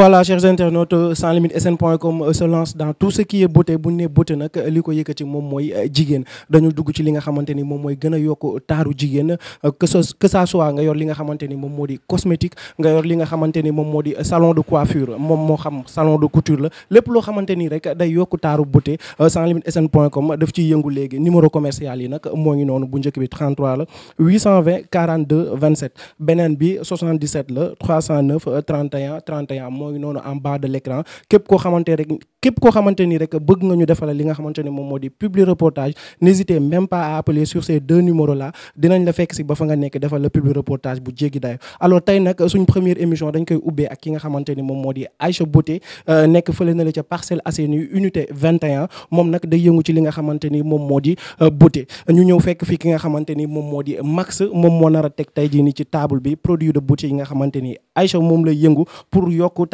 voilà chers internautes euh, sans limite sn.com euh, se lance dans tout ce qui est beauté bu ne beauté nag euh, li ko yëkkati moom mooy jigéen dañu dugg ci li nga xamante ni moom mooy gën a yokk taaru jigéen que ce que soit nga yor li nga xamante ni moom moo di cosmétique nga yor li nga xamante ni moom moo di salon de coiffure moom moo xam salon de couture la lépp loo xamante ni rek day yokk taaru beauté sans limite sn.com def ci yëngu léegi numéro commercial yi nag moo ngi noonu bu njëkk bi 33 la 820 42 27 beneen bi 77 la 309 31 31 moo moo ngi noonu en bas de l'écran képp koo xamante rek képp koo xamante ni rek bëgg nga ñu defala li nga xamante moom moo di publi reportage n'hésitez même pas à appeler sur ces deux numéros là dinañ la fekk si ba fa nga nekk defal la publi reportage bu jéggi dayo alors tey nag suñ première émission dañ koy ubbee ak ki nga xamante ni moom moo di Aïcha Beauté euh, nekk fële na la ca Parcelles Assainies unité 21 moom nag day yëngu ci li nga xamante ni moom moo di euh, beauté ñu ñëw fii ki nga xamante ni moom moo di Max moom moo nar a teg tey jii ni ci table bi produit de beauté yi nga xamante ni Aïcha moom lay yëngu pour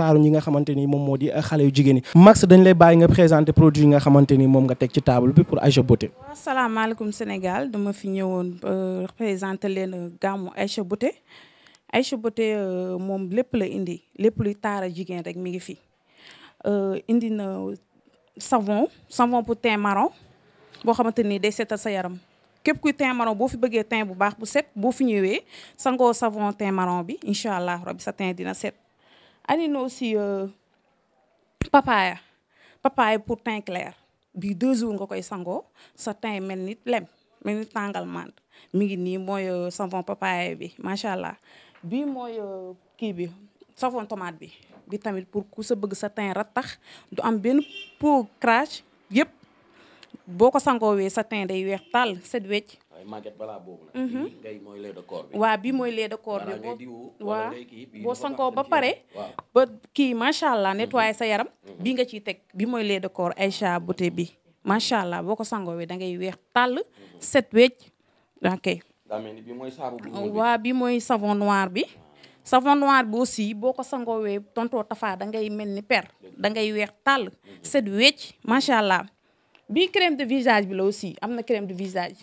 genre ñi nga xamante ni moom moo di euh, xale yu jigéen yi Max dañ lay bàyyi nga présenter produit yi nga ni moom nga teg ci table bi pour Aïcha Beauté waaw salaamaaleykum Sénégal dama fi ñëwoon euh, présenter leen euh, gàmmu Aïcha Beauté Aïcha Beauté moom lépp la indi lépp luy taara jigéen rek mi ngi fi indi na savon savon pour teint marron boo xamante ni day seetal sa yaram képp kuy teint marron boo fi bëggee teint bu baax bu set boo fi ñëwee sangoo savon teint bi incha allah rabbi sa teint dina set andi na aussi euh, papaya papaya pour teint bi bii deux jours nga koy sangoo sa teint mel nit lem mel ni tàngal mànd mi ngi nii mooy euh, savon papaya bi macha allah bii mooy euh, kii bi savon tomate bi bi tamit pour ku sa bëgg sa teint tax du am benn pour crache yëpp boo ko sangoowee sa tin day weex tàll set wecc waaye màgget mooy lait de bi. mooy lait de corps bi boo waaw sankoo ba pare. ba kii macha allah mhm. nettoyé sa yaram. Mhm. bii nga ciy teg bi mooy lait de corps Aïcha Beauté bi macha allah boo ko sangoo da ngay weex tàll mhm. set wecc ok. daa mel ni bi mooy savon noir bi. savon noir bi aussi boo ko sangoowee tonto tafaa da ngay mel ni per da ngay weex tàll set wecc macha allah bii crème de visage bi la aussi am na crème de visage.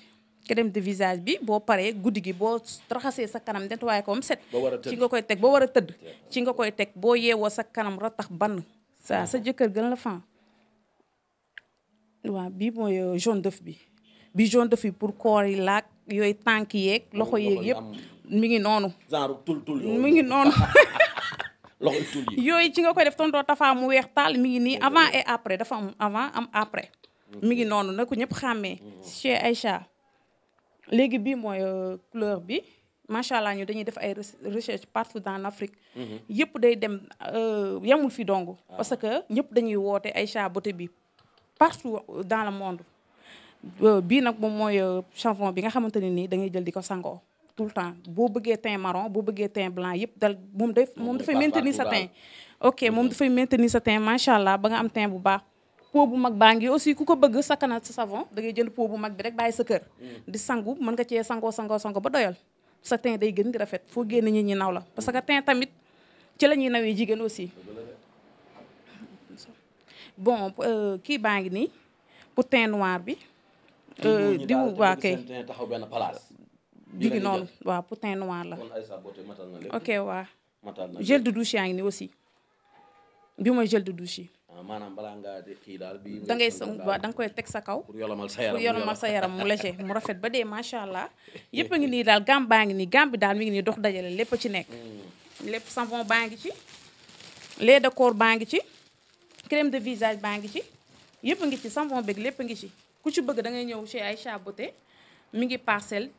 crème de visage bi boo paree guddi gi boo raxasee sa kanam nettoyé ko mu set ci nga koy teg boo war a tëdd ci nga koy teg boo yeewoo sa kanam ratax bann saa sa jëkkër gën la fan waaw bii mooy euh, jaune d'œuf bi bi jaune d'œuf bi pour koor yi laag yooyu tànk yeeg loxo yeeg yëpp mi ngi noonu genre mi ngi noonu loxo tul ci nga koy def tontoo tafaa mu weex taal mi ngi nii avant et après dafa am avant am après mi ngi noonu na ko ñëpp xàmmee mm-hmm. ay cha léegi bii mooy euh, couleur bi macha allah ñu dañuy def ay recherche partout dans l'Afrique. Mm-hmm. yëpp day dem euh, yemul fi dong. Ah. parce que ñëpp dañuy woote Aïcha beauté bi partout euh, dans le monde. bii nag moom mooy savon bi nga xamante ne nii da ngay jël di ko sangoo tout le temps boo bëggee teint marron boo bëggee teint blanc yëpp dal moom daf moom dafay maintenir sa teint. ok moom mm-hmm. dafay maintenir sa teint macha allah ba nga am teint bu baax. pot bu mag baa ngi aussi ku ko bëgg sakkanal sa savon da ngay jënd pot bu mag bi rek bàyyi sa kër mm. di sangu mën nga cee sangoo sangoo sango ba doyal sa teint day gën di rafet foo génn ñi ñi naw la parce que teint tamit ci la ñuy nawee jigéen aussi bon euh, kii baa ngi nii pour bi euh, diw waa kay taxaw benn place jigi noonu waaw pour teint waa gel de douche ngi nii aussi mooy gel de Ah, maanaam balaa ngaa kii da ngay da nga koy teg sa kaw pour yolomal sa yaram pour sa yaram mu léger mu rafet ba dee macha allah yépp a ngi nii daal gam baa ngi nii gam bi daal mi ngi nii dox dajale lépp a ci nekk hmm. lépp savon baa ngi ci lait de corps baa ngi ci crème de visage baa ngi ci yëpp a ngi ci savon beeg lépp a ngi ci ku ci bëgg da ngay ñëw chez Aïcha Beauté mi ngi parcelle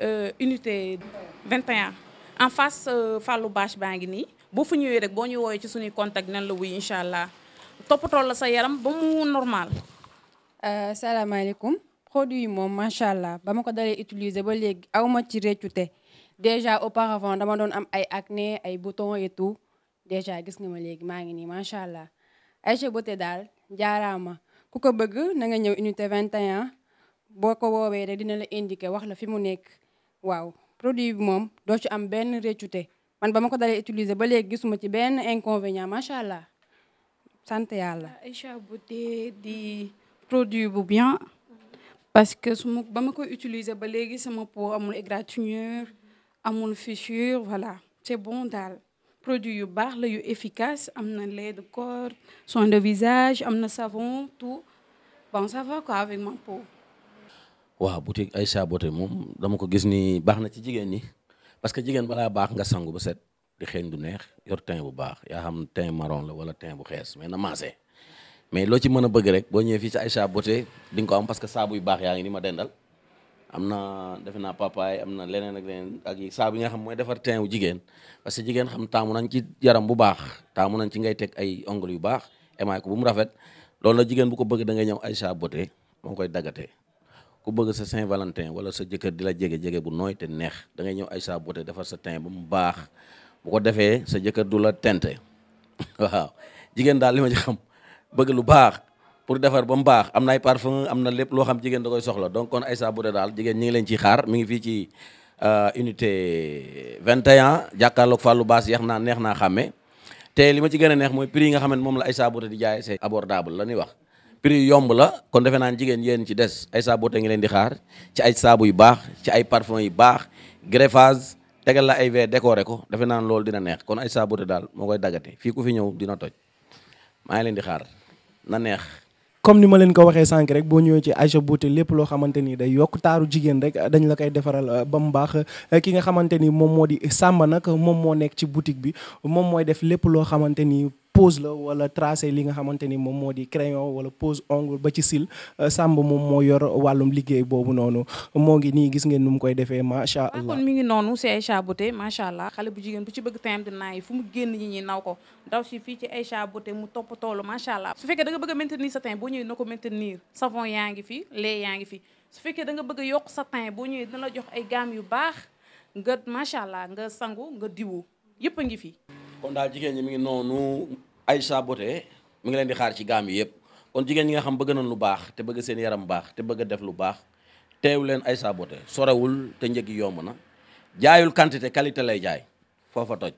euh, unité 21 en face euh, Fallou Bache baa ngi nii boo fa ñëwee rek boo ñu woowee ci suñuy contact nan la wuy incha toppatoo la sa yaram ba mu normal. Euh, salaamaaleykum produit yi moom macha allah ba ma ko dalee utiliser ba léegi aw ma ci réccute déjà auparavant dama doon am ay acné ay boutons et tout déjà gis nga ma léegi maa ngi nii macha allah. Aïcha Beauté daal jaaraama ku ko bëgg na nga ñëw unité 21 boo ko woowee rek dina la indiquer wax la fi mu nekk waaw produit bi moom doo ci am benn réccute man ba ma ko dalee utiliser ba léegi gisuma ci benn inconvénient macha allah. sant yàlla. Euh, ay Beauté di produit bu bien. parce que su ba ma ko utiliser ba léegi sama peau amul égratignure amul fissure voilà c'est bon daal. produit yu baax la yu efficace am na lait de cor soin de visage am na savon tout bon ça va quoi avec ma peau. waaw boutique Aïcha Beauté moom dama ko gis ni baax na ci jigéen ñi parce que jigéen balaa baax nga sangu ba set. di xeeñ du neex yor teint bu baax yaa xam teint marron la wala teint bu xees mais na maase mais loo ci mën a bëgg rek boo ñëwee sa ay Aïcha Beauté di nga ko am parce que saabu yu baax yaa ngi ni ma dendal am na defe naa papaay am na leneen ak ak saabu yi xam mooy defar teint wu jigéen parce que jigéen xam taamu nañ ci yaram bu baax taamu nañ ci ngay teg ay ongle yu baax émaay ko bu mu rafet loolu la jigéen bu ko bëgg da ngay ñëw Aïcha Beauté moo koy daggatee ku bëgg sa Saint-Valentin wala sa jëkkër di la jege jege bu nooy te neex da ngay ñëw Aïcha Beauté defar sa teint ba mu baax bu ko defee sa jëkkër du la tente waaw jigéen daal li ma ci xam bëgg lu baax pour defar ba mu baax am na ay parfum am na lépp loo xam jigéen da koy soxla donc kon ay Bouté daal jigéen ñi ngi leen ciy xaar mu ngi fii ci euh, unité 21 jàkkaarloog Fallou Bass yeex naa neex naa xàmme te li ma ci gën a neex mooy prix yi nga ne moom la Aïssa Bouté di jaay c'est abordable la ñuy wax prix yomb la kon defe naan jigéen yéen ci des Aïssa Bouté ngi leen di xaar ci ay saabu yu baax ci ay parfum yu baax greffage tegal la ay verre décoré ko defe naan loolu dina neex kon ay saabote daal moo koy daggate fii ku fi ñëw dina toj maa ngi leen di xaar na neex comme ni ma leen ko waxee sànq rek boo ñëwee ci Aïcha Beauté lépp loo xamante ni day yokk taaru jigéen rek dañ la koy defaral euh, ba mu baax euh, ki nga xamante ni moom moo di Samba nag moom moo nekk ci boutique bi moom mooy def lépp loo xamante ni pose la wala tracé li nga xamante ni moom moo di crayon wala pose ongle ba ci sil euh, Samb moom moo yor wàllum liggéey boobu noonu moo ngi nii gis ngeen nu mu koy defee macha allah. mi ngi noonu si Aïcha macha allah xale bu jigéen bu ci bëgg time dinaa yi fu mu génn ñi ñi naw ko daw si fii ci Aïcha Beauté mu topp toolu macha allah. su fekkee da nga bëgg a maintenir sa teint boo ñëwee na ko maintenir savon yaa ngi fi lait yaa ngi fi su fekkee da nga bëgg yokk sa teint boo ñëwee dina la jox yu baax nga macha allah nga sangu nga diwu yëpp a ngi fi. kon daal jigéen ñi mu ngi noonu ay Beauté mu ngi leen di xaar ci gaam yi yëpp kon jigéen ñi nga xam bëgg na lu baax te bëgg seen yaram baax te bëgg def lu baax teew leen ay Beauté sorewul te njëg yomb na jaayul quantité qualité lay jaay foofa toj.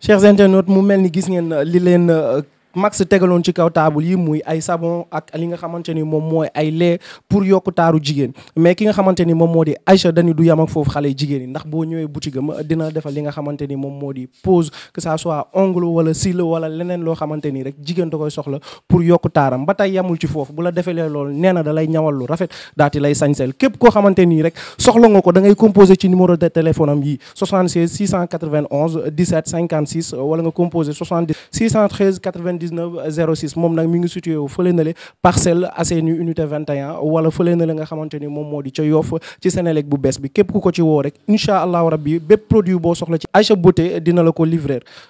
chers internautes mu mel ni gis ngeen li leen. max tegaloon ci kaw taabul yi muy ay sabon ak li nga xamante ni moom mooy ay lait pour yokk taaru jigéen mais ki nga xamante ni moom moo di Aïcha dañu du yam foofu xale jigéen yi ndax boo ñëwee boutique am dina defal li nga xamante ni moom moo di pose que ça soit ongle wala cils wala leneen loo xamante ni rek jigéen da koy soxla pour yokk taaram ba tey yamul ci foofu bu la defelee lool nee na da lay ñawal lu rafet daati lay sañsel képp koo xamante nii rek soxla nga ko da composé ci numéro de téléphone am yi 76 691 17 56 wala nga composé 79 06 moom nag mi ngi situé wu fële na le Parcelles Assainies unité 21 wala fële na le nga xamante ni moom moo di ca Yoff ci Senelec bu bees bi képp ku ko ci woo rek incha allahu rabbi bépp produit boo soxla ci Aïcha Beauté dina la ko livrer